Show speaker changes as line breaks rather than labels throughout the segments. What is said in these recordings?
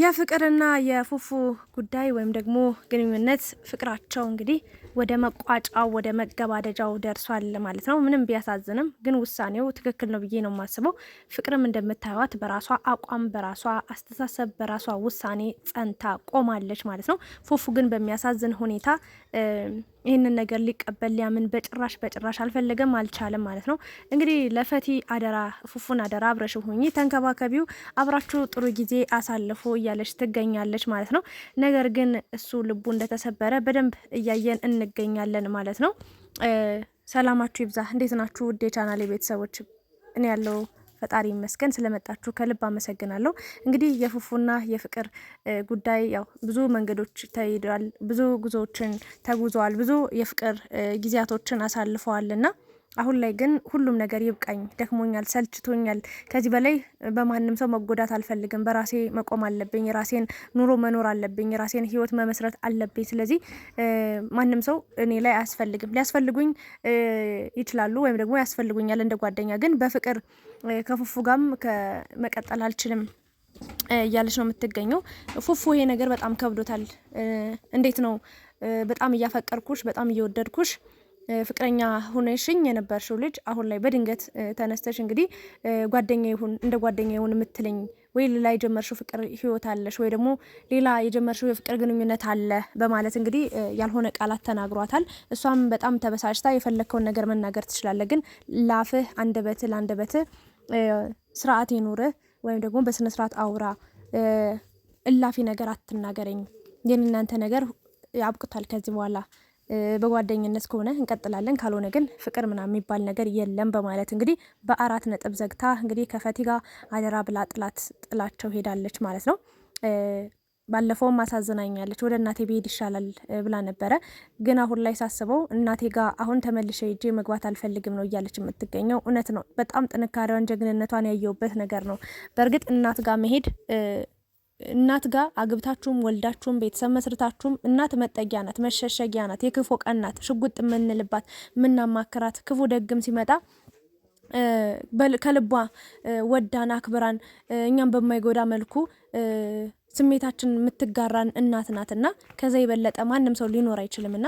የፍቅርና የፉፉ ጉዳይ ወይም ደግሞ ግንኙነት ፍቅራቸው እንግዲህ ወደ መቋጫው ወደ መገባደጃው ደርሷል ማለት ነው። ምንም ቢያሳዝንም ግን ውሳኔው ትክክል ነው ብዬ ነው የማስበው። ፍቅርም እንደምታዩት በራሷ አቋም፣ በራሷ አስተሳሰብ፣ በራሷ ውሳኔ ጸንታ ቆማለች ማለት ነው። ፉፉ ግን በሚያሳዝን ሁኔታ ይህንን ነገር ሊቀበል ሊያምን በጭራሽ በጭራሽ አልፈለገም፣ አልቻለም ማለት ነው። እንግዲህ ለፈቲ አደራ፣ ፉፉን አደራ፣ አብረሽ ሁኚ፣ ተንከባከቢው፣ አብራችሁ ጥሩ ጊዜ አሳልፉ እያለች ትገኛለች ማለት ነው። ነገር ግን እሱ ልቡ እንደተሰበረ በደንብ እያየን እንገኛለን ማለት ነው። ሰላማችሁ ይብዛ። እንዴት ናችሁ ውድ የቻናሌ ቤተሰቦች? እኔ ያለው ፈጣሪ ይመስገን። ስለመጣችሁ ከልብ አመሰግናለሁ። እንግዲህ የፉፉና የፍቅር ጉዳይ ያው ብዙ መንገዶች ተሄደዋል፣ ብዙ ጉዞዎችን ተጉዘዋል፣ ብዙ የፍቅር ጊዜያቶችን አሳልፈዋልና አሁን ላይ ግን ሁሉም ነገር ይብቃኝ፣ ደክሞኛል፣ ሰልችቶኛል። ከዚህ በላይ በማንም ሰው መጎዳት አልፈልግም። በራሴ መቆም አለብኝ። የራሴን ኑሮ መኖር አለብኝ። የራሴን ህይወት መመስረት አለብኝ። ስለዚህ ማንም ሰው እኔ ላይ አያስፈልግም። ሊያስፈልጉኝ ይችላሉ ወይም ደግሞ ያስፈልጉኛል እንደ ጓደኛ፣ ግን በፍቅር ከፉፉ ጋም መቀጠል አልችልም እያለች ነው የምትገኘው። ፉፉ ይሄ ነገር በጣም ከብዶታል። እንዴት ነው በጣም እያፈቀርኩሽ፣ በጣም እየወደድኩሽ ፍቅረኛ ሁነሽኝ የነበርሽው ልጅ አሁን ላይ በድንገት ተነስተሽ እንግዲህ ጓደኛ ይሁን እንደ ጓደኛ ይሁን የምትለኝ ወይ ሌላ የጀመርሽው ፍቅር ህይወት አለሽ ወይ ደግሞ ሌላ የጀመርሽው የፍቅር ግንኙነት አለ በማለት እንግዲህ ያልሆነ ቃላት ተናግሯታል። እሷም በጣም ተበሳጭታ የፈለግከውን ነገር መናገር ትችላለህ፣ ግን ላፍህ አንደበት በት ስርዓት ይኑርህ ወይም ደግሞ በስነ ስርዓት አውራ፣ እላፊ ነገር አትናገረኝ። እናንተ ነገር አብቅቷል ከዚህ በኋላ በጓደኝነት ከሆነ እንቀጥላለን፣ ካልሆነ ግን ፍቅር ምናምን የሚባል ነገር የለም በማለት እንግዲህ በአራት ነጥብ ዘግታ እንግዲህ ከፈቲ ጋር አደራ ብላ ጥላት ጥላቸው ሄዳለች ማለት ነው። ባለፈውም አሳዝናኛለች ወደ እናቴ ብሄድ ይሻላል ብላ ነበረ። ግን አሁን ላይ ሳስበው እናቴ ጋር አሁን ተመልሼ ሄጄ መግባት አልፈልግም ነው እያለች የምትገኘው። እውነት ነው። በጣም ጥንካሬዋን ጀግንነቷን ያየውበት ነገር ነው። በእርግጥ እናት ጋር መሄድ እናት ጋር አግብታችሁም ወልዳችሁም ቤተሰብ መስርታችሁም እናት መጠጊያ ናት፣ መሸሸጊያ ናት፣ የክፉ ቀን ናት፣ ሽጉጥ የምንልባት የምናማክራት ክፉ ደግም ሲመጣ ከልቧ ወዳን አክብራን እኛም በማይጎዳ መልኩ ስሜታችን የምትጋራን እናት ናትና ከዛ የበለጠ ማንም ሰው ሊኖር አይችልምና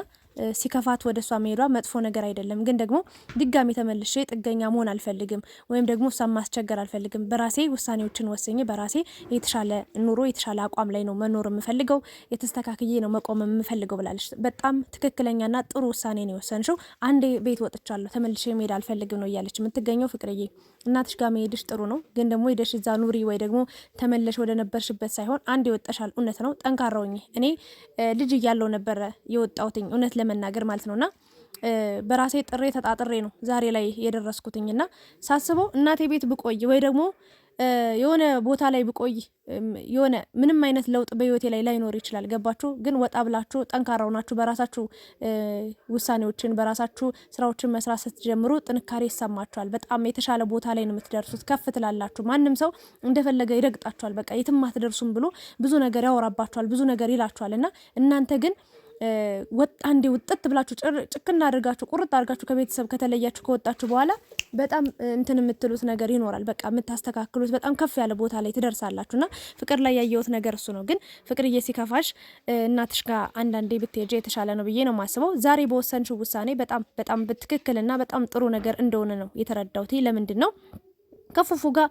ሲከፋት ወደ እሷ መሄዷ መጥፎ ነገር አይደለም። ግን ደግሞ ድጋሚ ተመልሼ ጥገኛ መሆን አልፈልግም፣ ወይም ደግሞ እሷን ማስቸገር አልፈልግም። በራሴ ውሳኔዎችን ወስኜ በራሴ የተሻለ ኑሮ የተሻለ አቋም ላይ ነው መኖር የምፈልገው፣ የተስተካክዬ ነው መቆም የምፈልገው ብላለች። በጣም ትክክለኛና ጥሩ ውሳኔ ነው የወሰንሽው። አንዴ ቤት ወጥቻለሁ ተመልሼ መሄድ አልፈልግም ነው እያለች የምትገኘው ፍቅርዬ። እናትሽ ጋር መሄድሽ ጥሩ ነው፣ ግን ደግሞ ሄደሽ እዛ ኑሪ ወይ ደግሞ ተመለሽ ወደ ነበርሽበት ሳይሆን አንድ ይወጣሻል። እውነት ነው። ጠንካራውኝ እኔ ልጅ እያለው ነበረ የወጣውትኝ እውነት ለመናገር ማለት ነውና በራሴ ጥሬ ተጣጥሬ ነው ዛሬ ላይ የደረስኩትኝና ሳስበው እናቴ ቤት ብቆይ ወይ ደግሞ የሆነ ቦታ ላይ ብቆይ የሆነ ምንም አይነት ለውጥ በህይወቴ ላይ ላይኖር ይችላል። ገባችሁ? ግን ወጣ ብላችሁ ጠንካራ ሆናችሁ በራሳችሁ ውሳኔዎችን በራሳችሁ ስራዎችን መስራት ስትጀምሩ ጥንካሬ ይሰማችኋል። በጣም የተሻለ ቦታ ላይ ነው የምትደርሱት። ከፍ ትላላችሁ። ማንም ሰው እንደፈለገ ይረግጣችኋል። በቃ የትም አትደርሱም ብሎ ብዙ ነገር ያወራባችኋል፣ ብዙ ነገር ይላችኋል እና እናንተ ግን አንዴ ውጥት ብላችሁ ጭክና አድርጋችሁ ቁርጥ አድርጋችሁ ከቤተሰብ ከተለያችሁ ከወጣችሁ በኋላ በጣም እንትን የምትሉት ነገር ይኖራል። በቃ የምታስተካክሉት በጣም ከፍ ያለ ቦታ ላይ ትደርሳላችሁና ፍቅር ላይ ያየሁት ነገር እሱ ነው። ግን ፍቅርዬ ሲከፋሽ እናትሽ ጋር አንዳንዴ ብትሄጂ የተሻለ ነው ብዬ ነው የማስበው። ዛሬ በወሰንሽው ውሳኔ በጣም በጣም ትክክልና በጣም ጥሩ ነገር እንደሆነ ነው የተረዳሁት። ለምንድን ነው ከፉፉ ጋር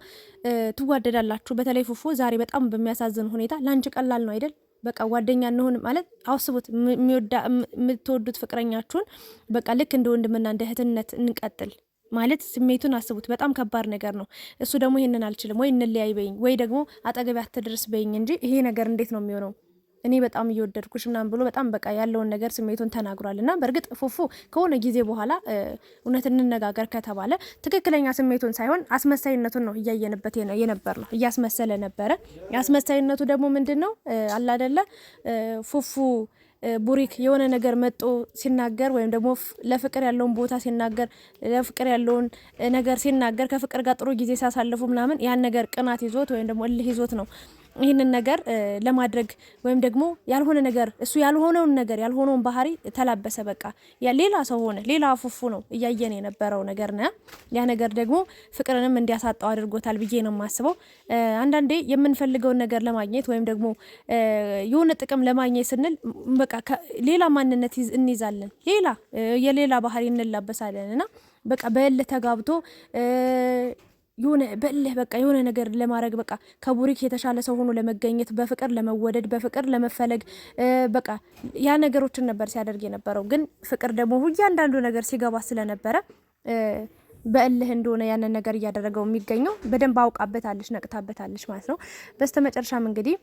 ትዋደዳላችሁ። በተለይ ፉፉ ዛሬ በጣም በሚያሳዝን ሁኔታ ለአንቺ ቀላል ነው አይደል በቃ ጓደኛ እንሆን ማለት አውስቡት። የምትወዱት ፍቅረኛችሁን በቃ ልክ እንደ ወንድምና እንደ እህትነት እንቀጥል ማለት ስሜቱን አስቡት። በጣም ከባድ ነገር ነው። እሱ ደግሞ ይህንን አልችልም ወይ እንለያይ በይኝ ወይ ደግሞ አጠገቢ አትድረስ በይኝ እንጂ ይሄ ነገር እንዴት ነው የሚሆነው? እኔ በጣም እየወደድኩሽ ምናምን ብሎ በጣም በቃ ያለውን ነገር ስሜቱን ተናግሯል። እና በእርግጥ ፉፉ ከሆነ ጊዜ በኋላ እውነት እንነጋገር ከተባለ ትክክለኛ ስሜቱን ሳይሆን አስመሳይነቱን ነው እያየንበት የነበር ነው እያስመሰለ ነበረ። አስመሳይነቱ ደግሞ ምንድን ነው አላደለ ፉፉ ቡሪክ የሆነ ነገር መጦ ሲናገር ወይም ደግሞ ለፍቅር ያለውን ቦታ ሲናገር ለፍቅር ያለውን ነገር ሲናገር ከፍቅር ጋር ጥሩ ጊዜ ሲያሳልፉ ምናምን ያን ነገር ቅናት ይዞት ወይም ደግሞ እልህ ይዞት ነው ይህንን ነገር ለማድረግ ወይም ደግሞ ያልሆነ ነገር እሱ ያልሆነውን ነገር ያልሆነውን ባህሪ ተላበሰ። በቃ ሌላ ሰው ሆነ፣ ሌላ አፉፉ ነው እያየን የነበረው ነገር ነ ያ ነገር ደግሞ ፍቅርንም እንዲያሳጣው አድርጎታል ብዬ ነው የማስበው። አንዳንዴ የምንፈልገውን ነገር ለማግኘት ወይም ደግሞ የሆነ ጥቅም ለማግኘት ስንል በቃ ሌላ ማንነት እንይዛለን፣ ሌላ የሌላ ባህሪ እንላበሳለን እና በቃ በል ተጋብቶ የሆነ በልህ በቃ የሆነ ነገር ለማድረግ በቃ ከቡሪክ የተሻለ ሰው ሆኖ ለመገኘት በፍቅር ለመወደድ በፍቅር ለመፈለግ በቃ ያ ነገሮችን ነበር ሲያደርግ የነበረው። ግን ፍቅር ደግሞ እያንዳንዱ ነገር ሲገባ ስለነበረ በእልህ እንደሆነ ያንን ነገር እያደረገው የሚገኘው በደንብ አውቃበታለች፣ ነቅታበታለች ማለት ነው። በስተመጨረሻም እንግዲህ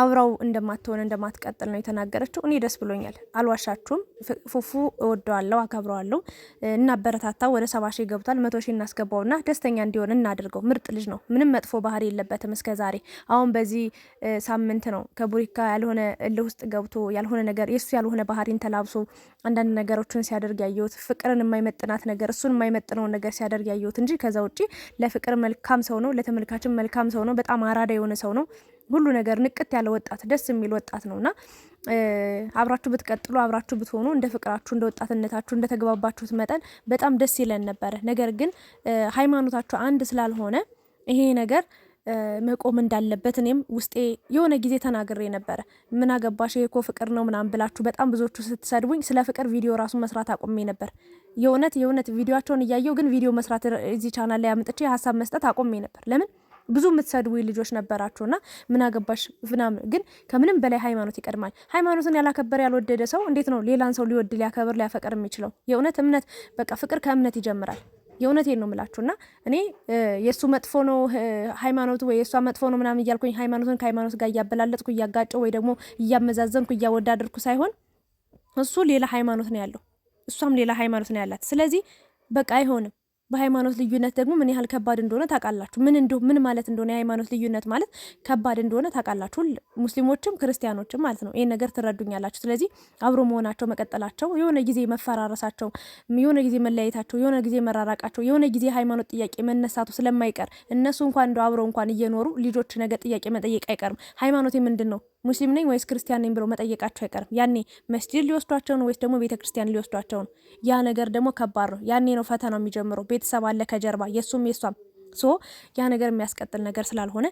አብራው እንደማትሆን እንደማትቀጥል ነው የተናገረችው። እኔ ደስ ብሎኛል፣ አልዋሻችሁም። ፉፉ እወደዋለሁ፣ አከብረዋለሁ እናበረታታው ወደ ሰባ ሺህ ገብቷል። መቶ ሺህ እናስገባውና ደስተኛ እንዲሆን እናድርገው። ምርጥ ልጅ ነው፣ ምንም መጥፎ ባህሪ የለበትም። እስከ ዛሬ አሁን በዚህ ሳምንት ነው ከቡሪካ ያልሆነ እልህ ውስጥ ገብቶ ያልሆነ ነገር የእሱ ያልሆነ ባህሪን ተላብሶ አንዳንድ ነገሮችን ሲያደርግ ያየሁት፣ ፍቅርን የማይመጥናት ነገር እሱን የማይመጥነውን ነገር ሲያደርግ ያየሁት እንጂ ከዛ ውጭ ለፍቅር መልካም ሰው ነው፣ ለተመልካችን መልካም ሰው ነው። በጣም አራዳ የሆነ ሰው ነው። ሁሉ ነገር ንቅት ያለ ወጣት ደስ የሚል ወጣት ነውና አብራችሁ ብትቀጥሉ አብራችሁ ብትሆኑ እንደ ፍቅራችሁ እንደ ወጣትነታችሁ እንደ ተግባባችሁት መጠን በጣም ደስ ይለን ነበረ። ነገር ግን ሃይማኖታችሁ አንድ ስላልሆነ ይሄ ነገር መቆም እንዳለበት እኔም ውስጤ የሆነ ጊዜ ተናግሬ ነበረ። ምን አገባሽ ይሄ እኮ ፍቅር ነው ምናምን ብላችሁ በጣም ብዙዎቹ ስትሰድቡኝ ስለ ፍቅር ቪዲዮ ራሱ መስራት አቁሜ ነበር። የእውነት የእውነት ቪዲዮቸውን እያየው ግን ቪዲዮ መስራት እዚህ ቻናል ላይ አምጥቼ ሀሳብ መስጠት አቁሜ ነበር። ለምን ብዙ የምትሰድቡ ልጆች ነበራችሁና ምን አገባሽ ምናምን። ግን ከምንም በላይ ሃይማኖት ይቀድማል። ሃይማኖትን ያላከበረ ያልወደደ ሰው እንዴት ነው ሌላን ሰው ሊወድ ሊያከብር ሊያፈቅር የሚችለው? የእውነት እምነት በቃ ፍቅር ከእምነት ይጀምራል። የእውነት ነው እና እኔ የእሱ መጥፎ ነው ሃይማኖቱ ወይ የእሷ መጥፎ ነው ምናምን እያልኩኝ ሃይማኖትን ከሃይማኖት ጋር እያበላለጥኩ እያጋጨው ወይ ደግሞ እያመዛዘንኩ እያወዳደርኩ ሳይሆን እሱ ሌላ ሃይማኖት ነው ያለው፣ እሷም ሌላ ሃይማኖት ነው ያላት። ስለዚህ በቃ አይሆንም። በሃይማኖት ልዩነት ደግሞ ምን ያህል ከባድ እንደሆነ ታውቃላችሁ። ምን እንደ ምን ማለት እንደሆነ የሃይማኖት ልዩነት ማለት ከባድ እንደሆነ ታውቃላችሁ። ሙስሊሞችም ክርስቲያኖችም ማለት ነው። ይህን ነገር ትረዱኛላችሁ። ስለዚህ አብሮ መሆናቸው፣ መቀጠላቸው፣ የሆነ ጊዜ መፈራረሳቸው፣ የሆነ ጊዜ መለያየታቸው፣ የሆነ ጊዜ መራራቃቸው፣ የሆነ ጊዜ ሃይማኖት ጥያቄ መነሳቱ ስለማይቀር እነሱ እንኳን እንደው አብረው እንኳን እየኖሩ ልጆች ነገ ጥያቄ መጠየቅ አይቀርም። ሃይማኖቴ ምንድን ነው ሙስሊም ነኝ ወይስ ክርስቲያን ነኝ ብሎ መጠየቃቸው አይቀርም። ያኔ መስጂድ ሊወስዷቸው ነው ወይስ ደግሞ ቤተ ክርስቲያን ሊወስዷቸው ነው? ያ ነገር ደግሞ ከባድ ነው። ያኔ ነው ፈተናው የሚጀምረው። ቤተሰብ አለ ከጀርባ የእሱም የሷም ሶ ያ ነገር የሚያስቀጥል ነገር ስላልሆነ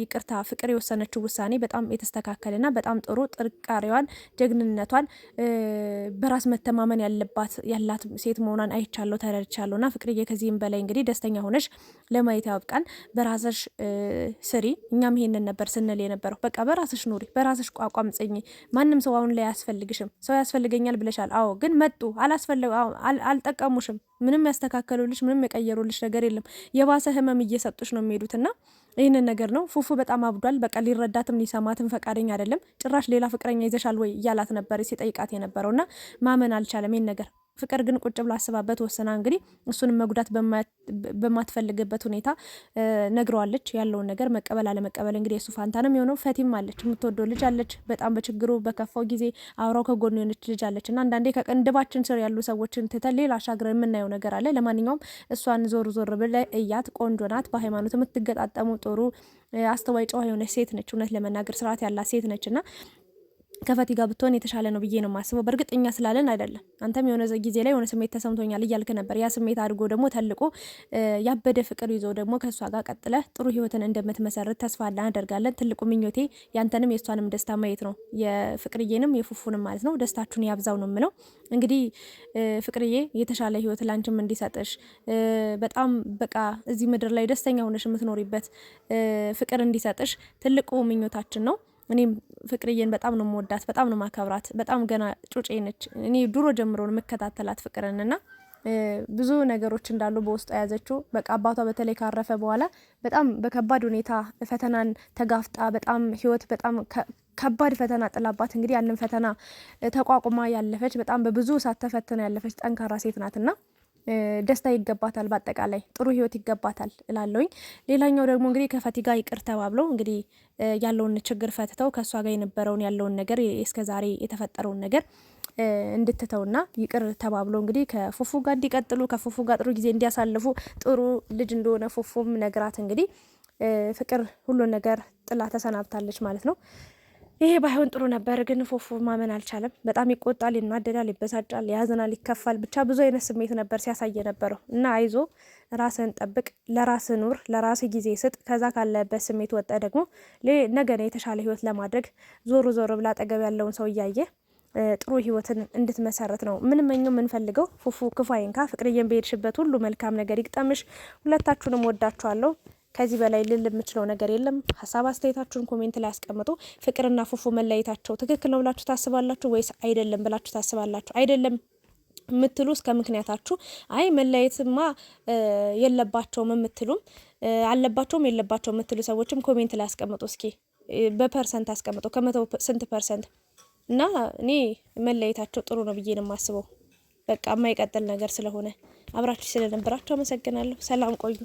ይቅርታ፣ ፍቅር የወሰነችው ውሳኔ በጣም የተስተካከለና በጣም ጥሩ ጥርቃሪዋን ጀግንነቷን በራስ መተማመን ያለባት ያላት ሴት መሆኗን አይቻለሁ፣ ተረድቻለሁ። ፍቅርዬ ከዚህም በላይ እንግዲህ ደስተኛ ሆነሽ ለማየት ያብቃን። በራስሽ ስሪ። እኛም ይሄንን ነበር ስንል የነበረው። በቃ በራስሽ ኑሪ፣ በራስሽ ቋቋም ጽኝ ማንም ሰው አሁን ላይ አያስፈልግሽም። ሰው ያስፈልገኛል ብለሻል። አዎ፣ ግን መጡ፣ አልጠቀሙሽም ምንም ያስተካከሉልሽ ምንም የቀየሩልሽ ነገር የለም። የባሰ ህመም እየሰጡሽ ነው የሚሄዱት እና ይህንን ነገር ነው ፉፉ በጣም አብዷል። በቃ ሊረዳትም ሊሰማትም ፈቃደኛ አይደለም። ጭራሽ ሌላ ፍቅረኛ ይዘሻል ወይ እያላት ነበር ሲጠይቃት የነበረው እና ማመን አልቻለም ይህን ነገር ፍቅር ግን ቁጭ ብላ አስባበት ወስና እንግዲህ እሱንም መጉዳት በማትፈልግበት ሁኔታ ነግረዋለች። ያለውን ነገር መቀበል አለመቀበል እንግዲህ የእሱ ፋንታ ነው የሚሆነው። ፈቲም አለች፣ የምትወደው ልጅ አለች። በጣም በችግሩ በከፋው ጊዜ አውራው ከጎኑ የሆነች ልጅ አለች እና አንዳንዴ ከቅንድባችን ስር ያሉ ሰዎችን ትተን ሌላ አሻግረን የምናየው ነገር አለ። ለማንኛውም እሷን ዞር ዞር ብለ እያት፣ ቆንጆ ናት። በሃይማኖት የምትገጣጠሙ ጥሩ አስተዋይ ጨዋ የሆነች ሴት ነች። እውነት ለመናገር ስርዓት ያላት ሴት ነች እና ከፈቲ ጋር ብትሆን የተሻለ ነው ብዬ ነው የማስበው። በእርግጥ እኛ ስላለን አይደለም። አንተም የሆነ ጊዜ ላይ የሆነ ስሜት ተሰምቶኛል እያልክ ነበር። ያ ስሜት አድጎ ደግሞ ተልቆ ያበደ ፍቅር ይዞ ደግሞ ከእሷ ጋር ቀጥለ ጥሩ ህይወትን እንደምትመሰርት ተስፋ እናደርጋለን። ትልቁ ምኞቴ ያንተንም የእሷንም ደስታ ማየት ነው። የፍቅርዬንም የፉፉንም ማለት ነው። ደስታችሁን ያብዛው ነው የምለው። እንግዲህ ፍቅርዬ የተሻለ ህይወት ላንችም እንዲሰጥሽ በጣም በቃ እዚህ ምድር ላይ ደስተኛ ሆነሽ የምትኖሪበት ፍቅር እንዲሰጥሽ ትልቁ ምኞታችን ነው። እኔም ፍቅርዬን በጣም ነው መወዳት በጣም ነው ማከብራት። በጣም ገና ጩጬ ነች። እኔ ድሮ ጀምሮ ነው የምከታተላት ፍቅርን እና ብዙ ነገሮች እንዳሉ በውስጡ የያዘችው በቃ አባቷ በተለይ ካረፈ በኋላ በጣም በከባድ ሁኔታ ፈተናን ተጋፍጣ በጣም ህይወት በጣም ከባድ ፈተና ጥላባት እንግዲህ ያንን ፈተና ተቋቁማ ያለፈች በጣም በብዙ ሳት ተፈትና ያለፈች ጠንካራ ሴት ናትና ደስታ ይገባታል። በአጠቃላይ ጥሩ ህይወት ይገባታል እላለውኝ ሌላኛው ደግሞ እንግዲህ ከፈቲ ጋር ይቅር ተባብለው እንግዲህ ያለውን ችግር ፈትተው ከእሷ ጋር የነበረውን ያለውን ነገር እስከዛሬ የተፈጠረውን ነገር እንድትተውና ይቅር ተባብሎ እንግዲህ ከፉፉ ጋር እንዲቀጥሉ ከፉፉ ጋር ጥሩ ጊዜ እንዲያሳልፉ ጥሩ ልጅ እንደሆነ ፉፉም ነግራት እንግዲህ ፍቅር ሁሉን ነገር ጥላ ተሰናብታለች ማለት ነው። ይሄ ባይሆን ጥሩ ነበር፣ ግን ፎፉ ማመን አልቻለም። በጣም ይቆጣል፣ ይናደዳል፣ ይበሳጫል፣ ያዝናል፣ ይከፋል። ብቻ ብዙ አይነት ስሜት ነበር ሲያሳየ ነበረው እና አይዞ፣ ራስን ጠብቅ፣ ለራስ ኑር፣ ለራስ ጊዜ ስጥ። ከዛ ካለበት ስሜት ወጣ ደግሞ ነገን የተሻለ ህይወት ለማድረግ ዞሮ ዞሮ ብላ አጠገብ ያለውን ሰው እያየ ጥሩ ህይወትን እንድትመሰረት ነው ምንመኘው የምንፈልገው። ፉፉ ክፉ አይንካ፣ ፍቅርዬን በሄድሽበት ሁሉ መልካም ነገር ይግጠምሽ። ሁለታችሁንም ወዳችኋለሁ። ከዚህ በላይ ልል የምችለው ነገር የለም። ሀሳብ አስተያየታችሁን ኮሜንት ላይ አስቀምጡ። ፍቅርና ፉፉ መለያየታቸው ትክክል ነው ብላችሁ ታስባላችሁ ወይስ አይደለም ብላችሁ ታስባላችሁ? አይደለም የምትሉ እስከ ምክንያታችሁ፣ አይ መለያየትማ የለባቸውም የምትሉም አለባቸውም የለባቸው የምትሉ ሰዎችም ኮሜንት ላይ አስቀምጡ እስኪ በፐርሰንት አስቀምጡ። ከመቶ ስንት ፐርሰንት እና እኔ መለያየታቸው ጥሩ ነው ብዬ ነው የማስበው። በቃ የማይቀጥል ነገር ስለሆነ አብራችሁ ስለነበራችሁ አመሰግናለሁ። ሰላም ቆዩ።